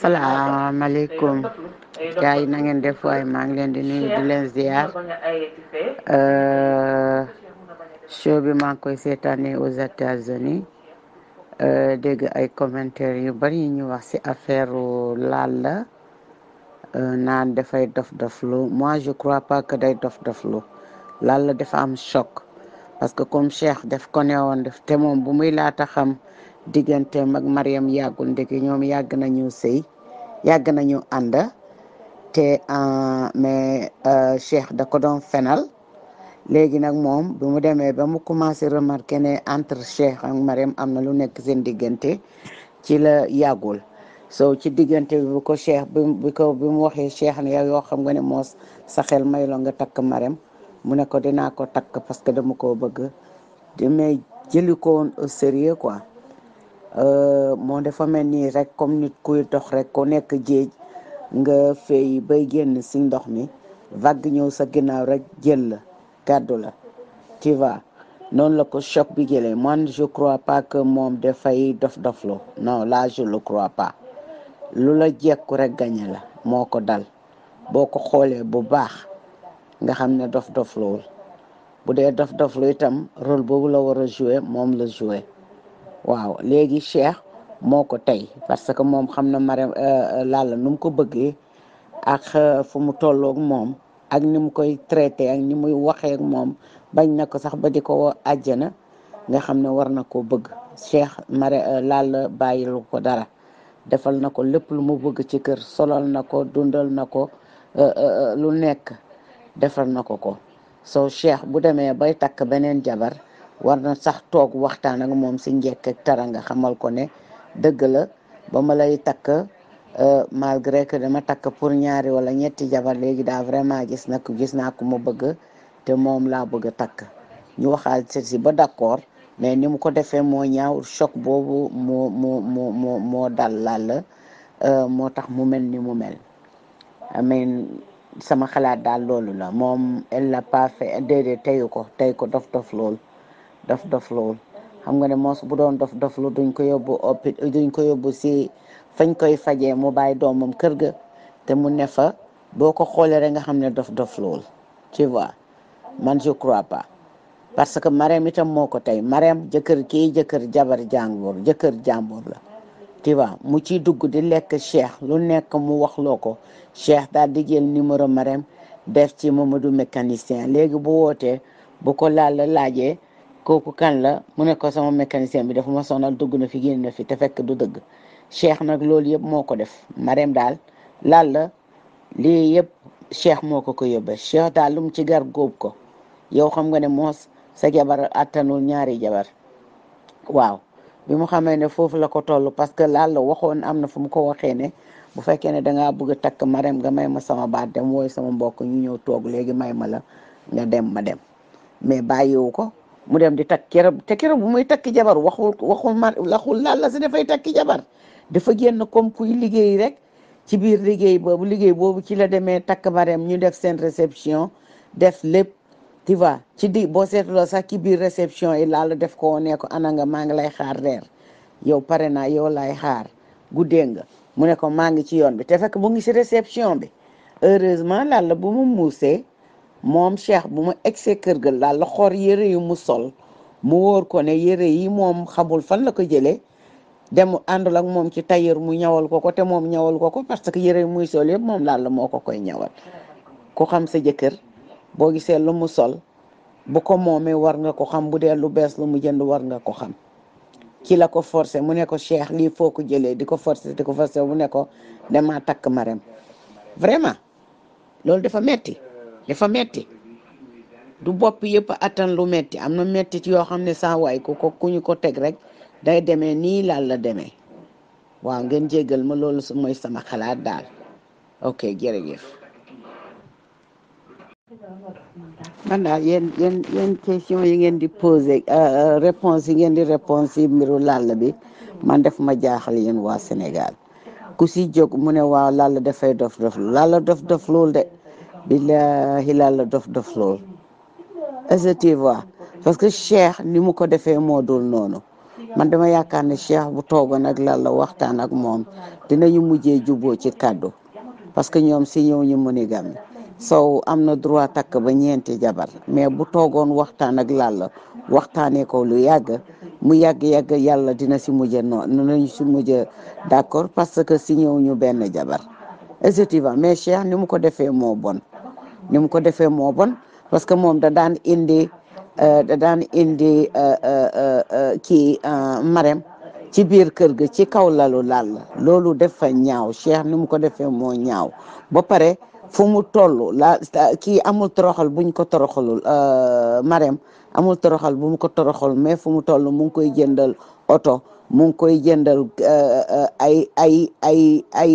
salaam gars yi na ngeen def waaye maa ngi leen di nuyu di leen ziar euh, show bi maa ngi koy seetaanee aux États-Unis euh, dégg ay commentaires yu bari yu ñu wax ci affaire laal la euh, naan dafay dof-doflu moi je crois pas day dof-doflu laal la dafa am choc parce que comme Cheikh def ko ne woon def te moom bu muy laata xam. diggante ak Mariam yàggul ndeke ñoom yàgg nañu sëy yàgg nañu ànd te euh, mais euh, Cheikh da ko doon fenal léegi nag moom bi mu demee ba mu commencé remarqué ne entre Cheikh ak Mariam am na lu nekk seen diggante ci la yàggul so ci diggante bi bu ko Cheikh bu ko bi mu waxee Cheikh ne yow yoo xam nga ne moos saxel xel may loo nga takk Mariam mu ne ko dinaa ko takk parce que dama ko bëgg mais jëli ko au sérieux quoi Euh, moo dafa mel nii rek comme nit kuy dox rek ku nekk jéej nga fay bay génn si ndox mi vague ñëw sa ginaar rek jël la gàddu la tu vois noonu la ko choc bi jëlee man je crois pas que moom dafay dof doflo non là je le crois lu la jekku rek gañe la moo ko dal boo ko xoolee bu baax nga xam ne dof doflowul bu dee dof doflu itam rôle boobu la war a jouer moom la jouer waaw léegi Cheikh moo ko tey parce que moom xam na Marème euh, euh, Lalla nu mu ko bëggee ak euh, fu mu tolloog moom ak ni mu koy traité ak ni muy waxeek moom bañ na ko sax ba di ko àjjana nga xam ne war na koo bëgg Cheikh Marème Lalla bàyyilu ko dara defal na ko lépp lu mu bëgg ci kër solal na ko dundal na ko lu nekk defal na ko ko soo Cheikh bu demee bay takk beneen jabar war na sax toog waxtaan ak moom si njekk ak nga xamal ko ne dëgg la ba ma lay takk euh, malgré que dama takk pour ñaari wala ñetti jabar léegi daa vraiment gis na gis naa ku ma bëgg te moom laa bëgg a takk ñu waxaal si ba d'accord mais ni mu ko defee moo ñaaw choc boobu moo moo moo moo moo dal lal la euh, moo tax mu mel ni mu mel amin sama xalaat daal loolu la moom elle n'a pas fait déedéet teyu ko tey ko dof dof lool dof daf doflowul xam nga ne moos bu doon dof doflu duñ ko yóbbu opit duñ ko yóbbu si fañ koy fajee mu bàyyi doomam kër ga te mu ne fa boo ko xoolee rek nga xam ne dof doflowul tu vois man je crois pas parce que mareem itam moo ko tey mareem jëkkër ki jëkkër jabar jàngoor jëkkër jàmboor la tu vois mu ciy dugg di lekk cheikh lu nekk mu wax loo ko cheikh daal di jël numéro mareem def ci Mamadou mécanicien léegi bu wootee bu ko laal laajee kooku kan la mu ne sama mécanicien bi dafa ma sonal dugg na fi génn na fi te fekk du dëgg cheikh nag loolu yëpp moo ko def mareem daal laal la lii yëpp cheikh moo ko ko yóbbee cheikh daal lu mu ci gar góob ko yow xam nga ne moos sa jabar attanul ñaari jabar waaw bi mu xamee ne foofu la ko toll parce que laal la waxoon am na fu mu ko waxee ne bu fekkee ne dangaa bëgg a takk mareem nga may ma sama baat dem wooy sama mbokk ñu ñëw toog léegi may ma la nga dem dem mu dem di takk keroog te keroog bu muy takki jabar waxul waxul ma waxul laal la si dafay takki jabar dafa génn comme kuy liggéey rek ci biir liggéey boobu liggéey boobu ci la demee takk bareem ñu def seen réception def lépp tu vois ci di boo seetloo sax ci biir réception yi laal def ko ne ko ana nga maa ngi lay xaar reer yow pare naa yow lay xaar guddee nga mu ne ko maa ngi ci yoon bi te fekk mu ngi si réception bi heureusement lal la bu mu muusee moom cheikh bu mu egsee kër ga daal la xoor yére yu mu sol mu wóor ko ne yére yi moom xamul fan la ko jëlee dem àndul ak moom ci tailleur mu ñawal ko ko te moom ñawal ko ko parce que yére yi muy sol yëpp moom laal la moo ko koy ñawal ku xam sa jëkkër boo gisee lu mu sol bu ko moomee war nga ko xam bu dee lu bees lu mu jënd war nga ko xam ki la ko forcé mu ne ko cheikh lii foo ko jëlee di ko forcé di ko forcé mu ne ko damaa takk marem vraiment loolu dafa metti dafa metti du bopp yëpp attan lu metti am na metti ci yoo xam ne saa waay ko ko ku ñu ko teg rek day deme nii laal la demee waaw ngeen jéggal ma loolu mooy sama xalaat daal ok jërëjëf. man daal yéen yéen question yi ngeen di posé euh, euh, réponse yi ngeen di réponse mbiru làll bi man def ma jaaxal yéen waa Sénégal ku si jóg mu ne waaw làll dafay dof dof làll dof dof loolu de. billaahi laal la dof dof lool effectivement parce que cheikh ni mu ko defee moo dul noonu man dama yaakaar ne cheikh bu toogoon ak laal la waxtaan ak moom dinañu mujjee juboo ci kàddu parce que ñoom si ñëw ñu monogame sow am na droit takk ba ñeenti jabar mais bu toogoon waxtaan ak laal la waxtaanee ko lu yàgg mu yàgg-yàgg yàlla dina si mujjee noonu nañu si mujjee d'accord parce que si ñëw ñu benn jabar effectivement mais cheikh ni mu ko defee moo ni mu ko defee moo bon parce que moom da daan indi euh, da daan indi euh, euh, kii marem ci biir kër ga ci kaw lalu laal loolu defa ñaaw Cheikh ni mu ko defee moo ñaaw ba pare fu mu toll la kii amul toroxal buñ ko toroxalul marem amul toroxal bu mu ko toroxal mais fu mu toll mu ngi koy jëndal oto mu ngi koy jëndal ay ay ay ay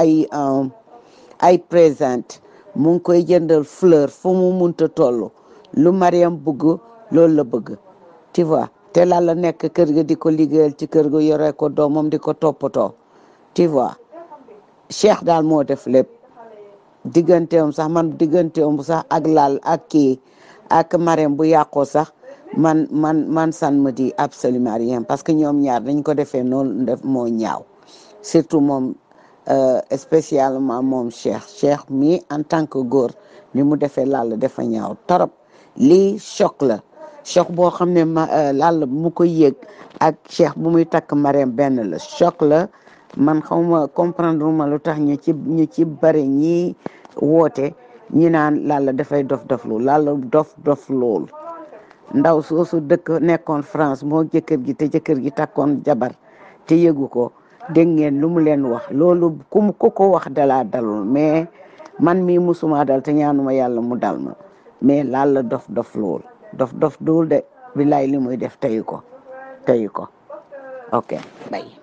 ay ay présent mu ngi koy jëndal fleur fu mu munta toll lu Mariam bëgg loolu la bëgg tu vois te lalla nekk kër ga di ko liggéeyal ci kër ga yore ko doom doomam di ko toppatoo tu vois Cheikh daal moo def lépp digganteem sax man bu sax ak lal ak kii ak Mariam bu yàqoo sax man man man san ma di absolument rien parce que ñoom ñaar dañ ko defee noonu def moo ñaaw surtout moom Euh, spécialement moom Cheikh Cheikh mi en tant que góor ni mu defee làll defa ñaaw torop lii chock la choc boo xam ne ma euh, làll mu ko yéeg ak Cheikh bu muy takk Marème benn la choc la man xawma comprendre ma lu tax ñu ci ñu ci bari ñi woote ñi naan làll dafay dof dof lu làll dof dof lool ndaw soosu dëkk nekkoon France moo jëkkër gi te jëkkër gi takkoon jabar te yëgu ko dégg ngeen lu mu leen wax loolu ku ku ko wax dala dalul mais man mi musuma dal te ñaanuma yàlla mu dal ma mais laal la dof dof lool dof dof lool de billaay li muy def tayu ko tayu ko ok